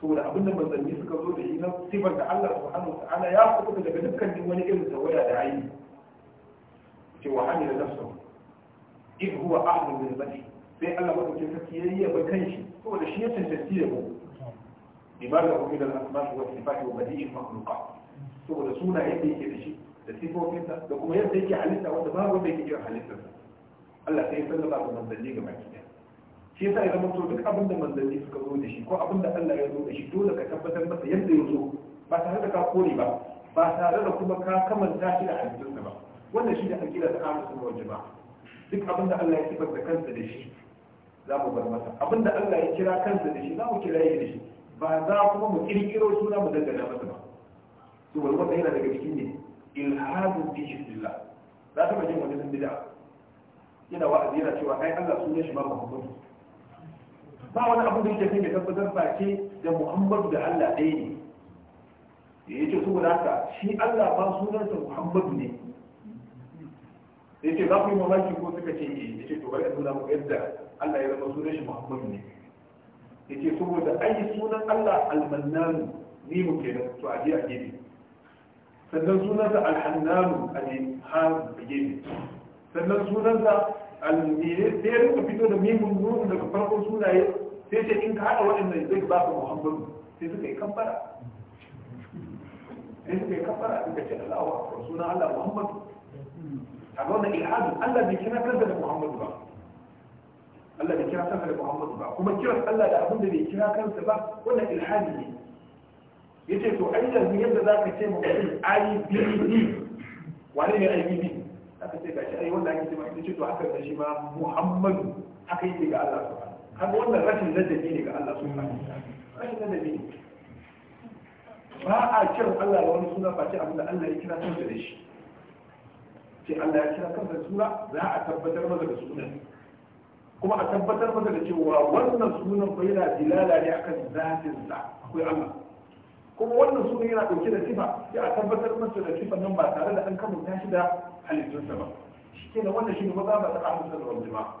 saboda abin da manzanni suka zo da shi na sifar da Allah subhanahu wa ta'ala ya kuɓuta daga dukkanin wani irin tawaya da aini ce wa hamila nafsahu id huwa ahlu min al sai Allah madaukakin sarki ya yi yaba kanshi saboda shi ya cancanci yabo asma لماذا أريد الأسماء والصفات وبديع المخلوقات saboda suna yadda yake da sifofinsa da kuma yadda yake halitta wanda babu wanda yake irin halittarsa Allah sai ya sallama da manzanni ga baki ɗaya shi yasa ya zama to duk abin da manzanni suka zo da shi ko abin da Allah ya zo da shi dole ka tabbatar masa yadda ya zo ba tare da ka kore ba ba tare da kuma ka kamanta shi da halittarsa ba wannan shi da akida ta amsa wa jama'a duk abin da Allah ya da kansa da shi za mu bar masa abin da Allah ya kira kansa da shi za mu kira shi da shi ba za kuma mu kirkiro suna mu dangana masa ba to wani wanda yana daga cikin ne ilhadun fi shirkillah za ta jin wani sun bida yana wa'azi yana cewa ai Allah sunan shi ma Muhammadu ba wani abu da yake kai mai tabbatar ba ke da Muhammadu da Allah ɗaya ne ya ce saboda haka shi Allah ba sunansa Muhammadu ne ya ce za ku yi mamaki ko suka ce eh. ya ce to bari a nuna mu yadda Allah ya zama sunan shi Muhammadu ne yace saboda ai sunan Allah al-mannan ni mu kenan to a je a gefe sannan sunansa al-hannan a ne ha a gefe sannan sunansa al-mene sai ya rinka fito da mimun nunu daga farkon sunaye sai ce in ka haɗa waɗannan zai ba ka muhammadu sai suka yi kambara sai suka yi kambara suka ce Allah wa sunan Allah muhammadu a ga wannan ilhadin Allah bai kira kansa da muhammadu ba Allah bai kira kansa da Muhammadu ba kuma kiran Allah da abin da bai kira kansa ba wannan ilhadi ne yace to ai yanzu yadda zaka ce mu mutum IBD wani ne IBD aka ce gashi ai wanda ake ce ma yace to aka da shi ma Muhammadu haka yake ga Allah subhanahu kaga wannan rashin ladabi ne ga Allah subhanahu rashin ladabi ne ba a kiran Allah da wani suna face abin da Allah ya kira kansa da shi ce Allah ya kira kansa da suna za a tabbatar masa da sunan kuma a tabbatar masa da cewa wannan sunan fa yana dilala ne akan zatin sa akwai Allah kuma wannan sunan yana dauke da sifa sai a tabbatar masa da sifa nan ba tare da an kamanta shi da halittunsa ba shi ne wannan shi ne maza ba ta ahmad sallallahu alaihi wasallam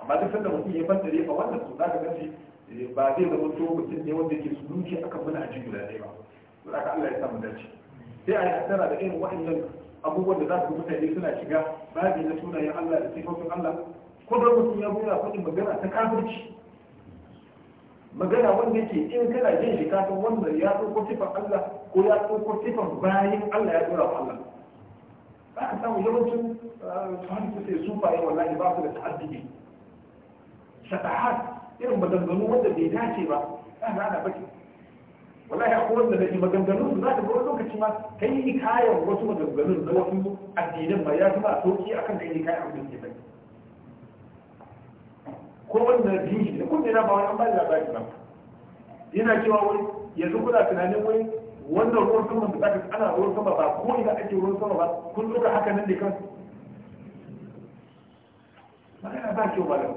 amma duk sanda mutum ya fantare ba wannan su zaka gaci eh, ba zai zama to mutum ne wanda ke sunuci akan muna aji guda ɗaya ba don haka Allah ya samu dace sai a yi hasara da irin waɗannan abubuwan da za su mutane suna shiga babi na sunayen Allah da sifofin Allah ko don mutum ya goya faɗin magana ta kafirci magana wanda yake in kana jin shi kafin wannan ya ɗauko tifan Allah ko ya ɗauko tifan bayan Allah ya ɗora wa Allah ba ka samu yawancin sahabi su sai sufaye wallahi ba su da ta'addidi sadahat irin maganganu wanda bai dace ba ana ana baki wallahi akwai wanda da maganganun su za ta ga lokaci ma kai kayan wasu maganganun na wasu addinan ma ya zama a sauki akan kai kayan abin da ke baki ko wannan jin ne kun kunne na ba wani bani labari ba yana cewa wai yanzu kuna tunanin wai wannan ruwan sama da zaka ana ruwan sama ba ko ina ake ruwan sama ba kun zo haka nan ne kansu magana ba kyau ba da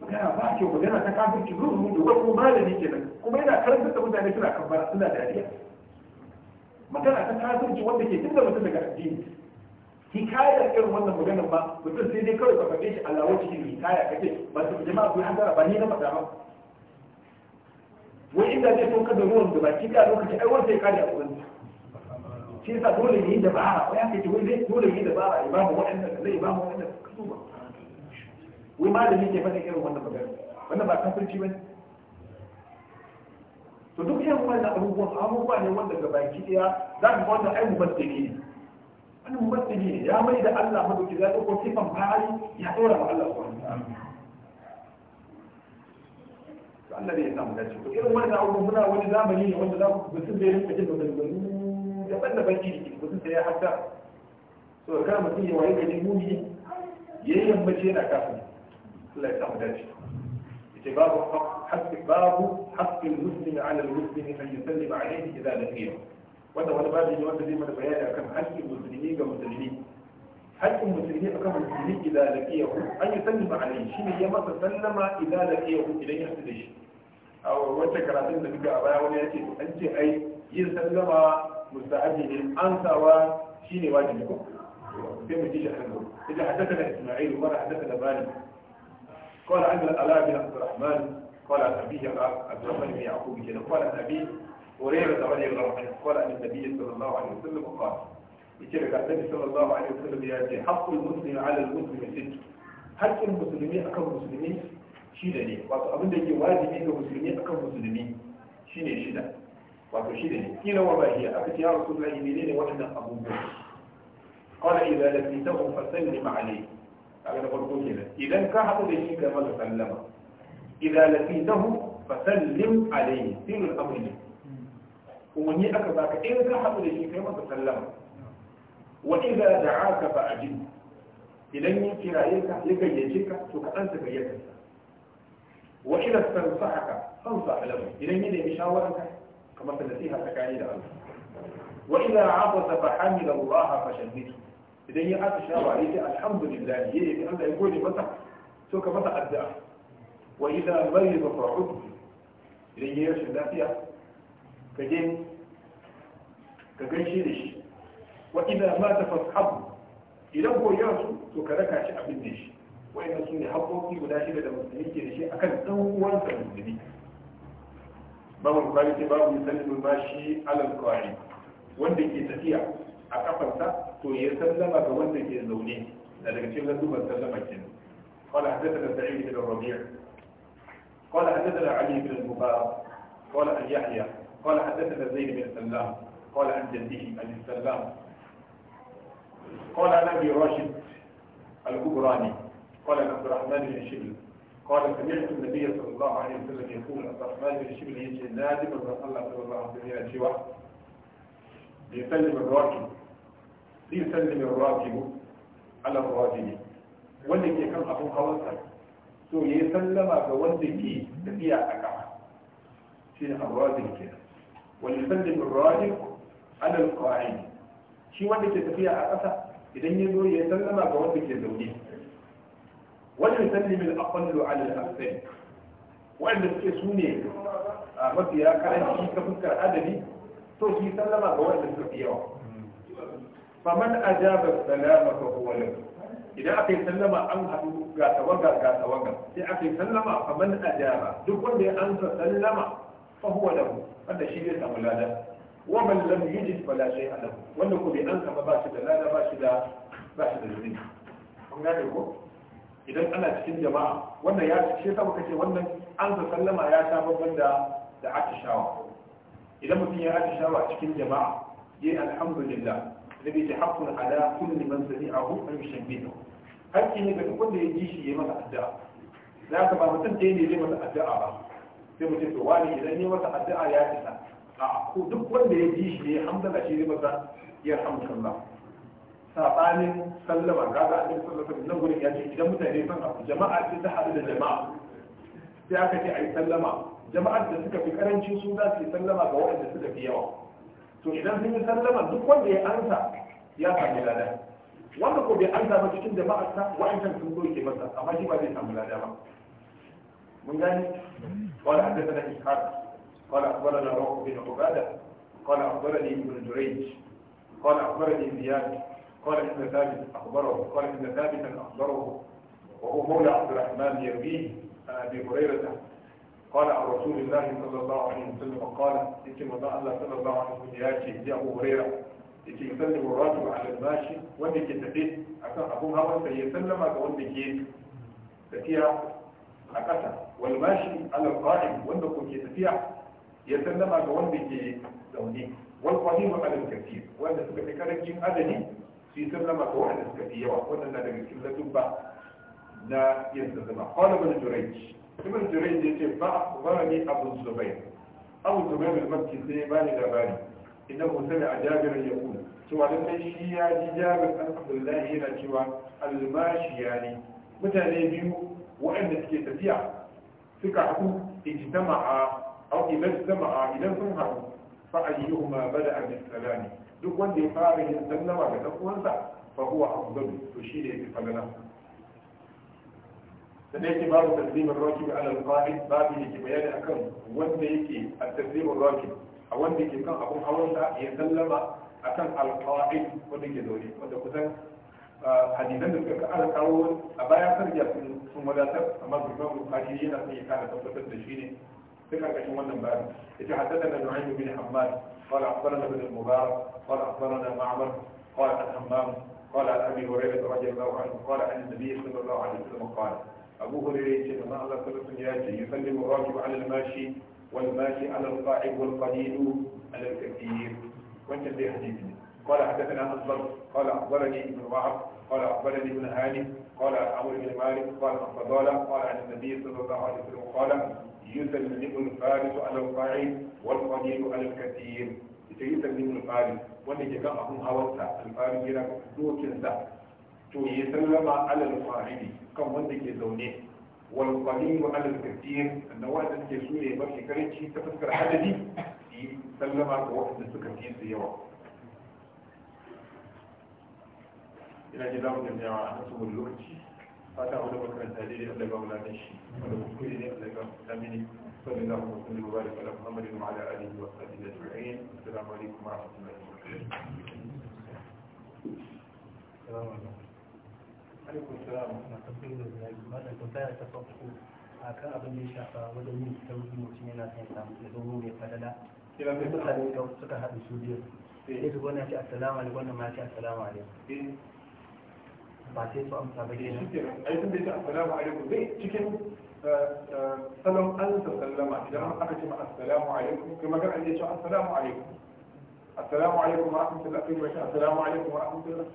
magana ba kyau yana ta kafirci zuwa mu da wani malami kenan kuma yana karantar da mutane suna kafara suna dariya magana ta kafirci wanda ke tunda mutum daga addini hikayar irin wannan maganar ba mutum sai dai kawai ka faɗe shi Allah wacce cikin hikaya kace ba su jama'a ku hadara ba ni na faɗa ba wai inda zai tokar da ruwan da baki da lokaci ai wanda ya kare a wurin shi yasa dole ne da ba wai aka ce wai zai dole ne da ba imamu waɗanda zai imamu waɗanda ka so ba wai malami ke faɗin irin wannan maganar wannan ba kafirci ba ne to duk irin wannan abubuwan abubuwa ne wanda ga baki ɗaya za ka ga wannan ai mubaddali ne الممثلين يا ya الله da بك ذلك وصفا فعلي يا دورا مع الله سبحانه Allah ne ya samu dace to irin wannan abubuwan muna wani zamani ne wanda za ku mutum da ya rinka jin maganganu daban-daban iri mutum da ya hada so kar mutum ya waye gari muni ya yi yammaci yana kafin Allah ya samu dace yace babu haqqi babu haqqi al-muslim ala al-muslim an yusallima alayhi idza laqiyahu wanda wani babu ne wanda zai mana bayani akan haƙƙin musulmi ga musulmi haƙƙin musulmi akan musulmi idan laqiyahu an yusallima shi ne ya masa sallama idan laqiyahu idan ya hadu da shi a wancan karatun da duka a baya wani ya ce an ce ai yin sallama mustahabi ne ansawa shine wajibi ko sai mu ji shi hanzo idan haddathana isma'il wa haddathana bani قال عن الألاء بن عبد الرحمن قال عن أبيه عبد الرحمن بن يعقوب قال عن أبيه وريبة علي الله رمح قال عن النبي صلى الله عليه وسلم قال يتبع النبي صلى الله عليه وسلم يأتي حق المسلم على المسلم ست هل كان مسلمين أكم مسلمين؟ شيدا لي وقال أبن دي واجب إنه مسلمين أكم مسلمين؟ شيدا شيدا وقال شيدا لي كيلا وما هي أكت يا رسول الله يمينين وإن أبو بكر قال إذا لبيته فسلم عليه أنا أقول لكم هنا إذا انكحت بشيك كما تسلم إذا لقيته فسلم عليه سير الأمر منه ni aka baka in ka haɗu da shi kai masa sallama wa idza da'aka fa ajib idan ya kiraye ka ya gayyace ka to ka ɗan gayyatar sa wa idza tansahaka tansa lahu idan ya nemi shawaran ka kamar ta nasiha tsakani da Allah wa idza abasa fa hamida Allah fa shaddidu idan ya aka shawara ya ce alhamdulillah ya yi Allah ya gode masa to ka masa addu'a wa idza marida fa idan ya yi rashin lafiya ka ka gaishe da shi wa idza mata fashabu idan ko ya su to ka raka shi abin da shi wayannan sune haƙoƙi guda shida da musulmi ke da shi akan dan uwansa musulmi babu bukari sai babu musallin ba shi alal qa'id wanda ke tafiya a kafarsa to ya sallama ga wanda ke zaune da daga cikin zuban sallama kenan قال حدثنا سعيد بن الربيع قال حدثنا علي بن المبارك قال عن يحيى قال حدثنا زيد بن سلام قال عن جده عن السلام قال عن ابي راشد الكبراني قال عن عبد الرحمن بن شبل قال سمعت النبي صلى الله عليه وسلم يقول عبد الرحمن بن شبل يجي نادم من الله صلى الله عليه وسلم يجي واحد ليسلم الراكب ليسلم الراكب على الراجل wanda ke kan abin hawansa to ya yi sallama ga wanda ke tafiya a kama shi ne abuwa da ke wani sallin rajin alal ƙwa'in shi wanda ke tafiya a ƙasa idan ya zo ya sallama ga wanda ke zaune wajen sallimin akwallo alal asali wanda suke su ne a mafiya karanci ta fuskar adadi to shi sallama ga wanda suka fi yawa faman ajaba salama fa huwa idan aka yi sallama an haɗu ga tawaga ga tawaga sai aka yi sallama faman ajaba duk wanda ya ansa sallama fa huwa lahu wanda shi zai samu lada wa man lam yujid fala shay'a lahu wanda ko bai ansa ba shi da lada ba shi da ba shi da zunubi idan ana cikin jama'a wannan ya shi yasa muka wannan an sa sallama ya ta babban da da atishawa idan mutum ya atishawa a cikin jama'a yayi alhamdulillah nabi ta haqqun ala kulli man sami'ahu an yushabbihu hakki ne ga duk wanda ya ji shi yayi masa addu'a za ka ba mutum ɗaya ne zai masa addu'a ba sai mu ce to wani idan yi masa addu'a ya isa a ko duk wanda ya ji shi ne hamdala shi ne masa ya hamdala sabanin sallama kaga annabi sallallahu alaihi wasallam gurin ya ce idan mutane san abu jama'a ce ta hadu da jama'a sai aka ce ai sallama jama'ar da suka fi karanci su za su yi sallama ga waɗanda suka fi yawa to idan sun yi sallama duk wanda ya ansa ya samu lada wanda ko bai ansa ba cikin jama'ar sa wa'ancan sun zo ke masa amma shi ba zai samu lada ba من قال حدثنا إسحاق قال أخبرنا روح بن عبادة قال أخبرني ابن جريج قال أخبرني زياد قال ابن ثابت أخبره قال ابن ثابت أخبره وهو مولى عبد الرحمن يرويه عن أبي هريرة قال عن رسول الله صلى الله عليه وسلم قال اتم الله صلى الله عليه وسلم ياتي يا أبو هريرة yake يسلم الرجل على الماشي wanda ke tafe أبوها وسيسلم abun hawansa ya a ƙasa walmashi mashi ala wanda kuke tafiya ya sallama ga wanda ke zaune wal qadimu ala kathir wanda suka fi karancin adadi su yi sallama ga wanda suka fi yawa wannan na daga cikin latubba na yin sallama qala ibn jurayj ibn jurayj yace ba akhbarani abu zubayr abu zubayr al-makki sai ba ni labari innahu sami'a jabir yaqul cewa lallai shi ya ji jabir dan abdullahi yana cewa al-mashi mutane biyu waɗanda suke tafiya suka haɗu ijtama'a aw idan ijtama'a idan sun haɗu fa ayyuhuma bada'a bis salami duk wanda ya fara yin sallama ga dan uwansa fa huwa afdalu to shi ne falala sannan yake babu taslimin roki ala alqa'id babu yake bayani akan wanda yake at-taslimin roki a wanda ke kan abun hawansa ya sallama akan alqa'id wanda ke zaune wanda kusan hadisan da suka kara kawo a baya sarja sun wadatar amma zuwa bukari yana son ya kara tabbatar da shi ne في كان wannan bayan yace haddathana nu'aym bin hammad qala akhbarana ibn al-mubarak qala akhbarana ma'mar qala al-hammam qala abi hurairah radiyallahu anhu qala an nabiy sallallahu alaihi wasallam qala abu hurairah yace ma Allah sallallahu alaihi wasallam yusallimu rajul 'ala al-mashi wal mashi 'ala al-qa'id wal qalil 'ala al-kathir wannan dai hadisi ne قال حدثنا أصبر قال أخبرني ابن وهب قال أخبرني ابن هاني قال عمرو بن مالك قال فضالة قال عن النبي صلى الله عليه وسلم قال يسلم الفارس على القليل والقليل على الكثير يسلم الفارس wanda ke kan abun hawansa alfarin yana dokinsa to yi sallama alal fahimi kan wanda ke zaune wal qadimu alal kathir na wanda ke su ne mafi karanci ta fuskar adadi yi sallama ga wanda suka fi su yawa ina ji za mu da yawa a saboda lokaci fata wani makaranta daidai Allah ba mu ladan shi wanda kuskure ne Allah ba mu lamini صلى الله وسلم وبارك على محمد وعلى اله وصحبه اجمعين السلام عليكم ورحمه الله وبركاته alaikum salam masu kudin da malam tambaya ta farko a kan abin da ya shafa wajen yin sauki mutum yana son samu da dogo mai fadala sai mutane suka haɗu su biyu sai su wannan ce assalamu alaikum wannan ma ce assalamu alaikum ba sai su amsa ba kenan ai sun ce assalamu alaikum zai cikin salon an sallama idan aka ce ma assalamu alaikum kuma kan an ce assalamu alaikum assalamu alaikum wa rahmatullahi kai bashi assalamu alaikum wa rahmatullahi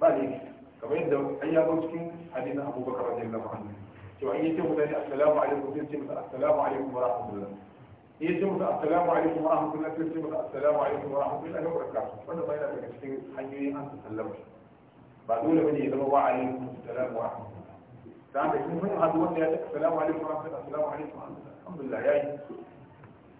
ba ne kamar yadda an yabo cikin hadisin abubakar radiyallahu anhu to an yace mutane assalamu alaikum sai ce masa assalamu alaikum wa rahmatullahi yace masa assalamu alaikum wa rahmatullahi sai ce masa assalamu alaikum wa rahmatullahi wa barakatuh wannan bayan daga cikin hanyoyin an sallama ba dole bane ya zama wa alaikum assalamu wa ta da kin mun hadu wanda ya ce assalamu alaikum wa assalamu alaikum alhamdulillah yayi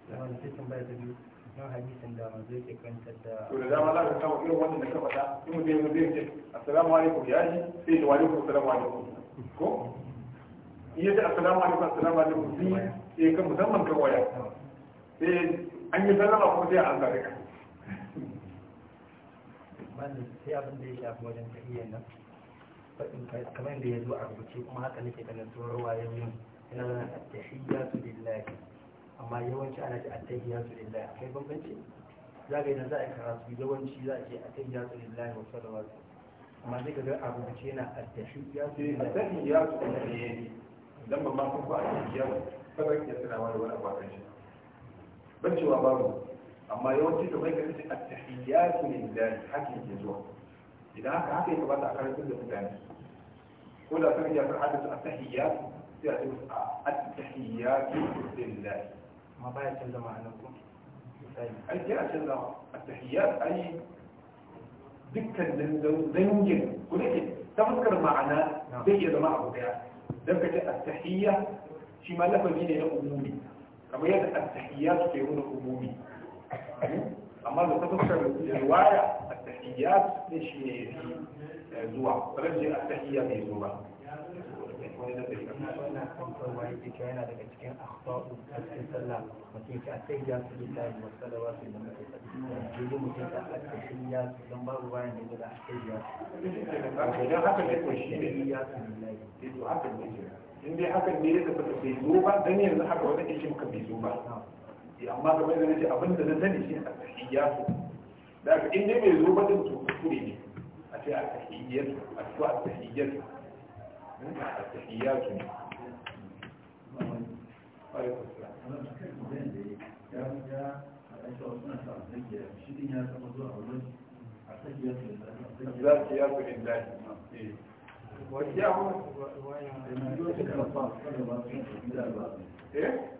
da wani cikin bai da biyu na hadisin da manzo yake kantar da to da dama za ka kawo irin wannan da ka faɗa in mutum yanzu zai ce assalamu alaikum yayi sai ya alaikum assalamu alaikum ko in yace assalamu alaikum assalamu alaikum sai sai ka musamman ka waya sai an yi sallama ko sai an zare ka malam sai abin da ya shafi wajen tahiyyar nan kamar da ya zo a rubuce kuma haka nake ganin tsoron yin ina zana attahiyyatu lillahi amma yawanci ana ce attahiyyatu lillahi akwai bambanci za ka yi yana za a karatu yawanci za a ce attahiyyatu lillahi wa salawatu amma zai ga a rubuce na attahiyyatu eh, lillahi attahiyyatu lillahi dan ba ma kun ba attahiyyatu sabai ya tsirawa da wani abu a kan shi ban cewa babu amma yawanci da mai kace at-tahiyyatu lillahi hakin ke zuwa idan haka haka ya kamata a karantar da mutane ko da kan ya fara da at-tahiyyatu sai a ce at-tahiyyatu lillahi amma baya canza ma'anar ko ai sai a canza at-tahiyyat ai dukkanin dangin ku nake ta fuskar ma'ana zai iya zama abu daya don ka ce at-tahiyya shi ma lafazi ne na umumi kamar yadda at-tahiyyatu ke nuna umumi amma da ta fuskar riwaya a tahiyyat ne shi ne zuwa rajin a tahiyya mai zuwa wannan kamfarwa yake cewa yana daga cikin akhba'u a cikin sallah mutum ce a sai ya su lita yi wasu salawa su da mutum ce yi mutum ta a cikin ya su don babu bayan da da a sai ya su idan haka ne ko shi ne ya su lita to haka ne in dai haka ne ya tabbata bai zo ba dan yanzu haka wanda ke shi muka bai zo ba amma kamar da nace abin da na sani shi a tahiyya da ka inda mai zo ba to ne a ce a tahiyya a to a hmm, a tahiyya ne ذات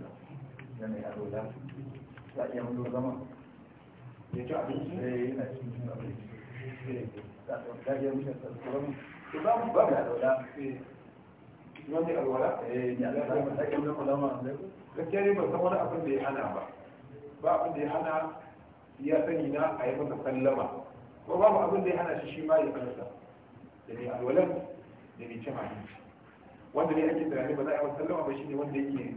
da ya da ya yi na cikin a iya mutu zama eh, eh, ba mai arola kuma ya da abin da ya hana ba ba abin da ya hana ya sani na a yi masa sallama ko babu abin da ya hana shi ya kansa da mai alwalan da mai cin abinci wanda ne ake tunani ba za a yi masa sallama ba shi ne wanda yake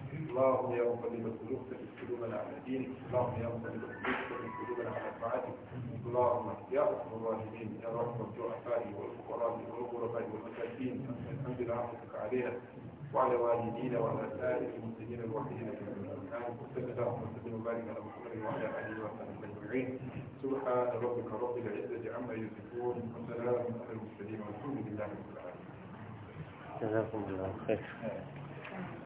اللهم يا مقلب القلوب ثبت قلوبنا على دينك اللهم يا مقلب القلوب ثبت قلوبنا على طاعتك اللهم يا رب الراحمين يا رحم الضعفاء والفقراء والغرباء والمساكين انزل رحمتك عليها وعلى والدينا وعلى سائر المسلمين الوحيدين في المكان، وصل اللهم وسلم وبارك على محمد وعلى اله وصحبه اجمعين سبحان ربك رب العزه عما يصفون وسلام على المرسلين والحمد لله رب العالمين جزاكم الله خير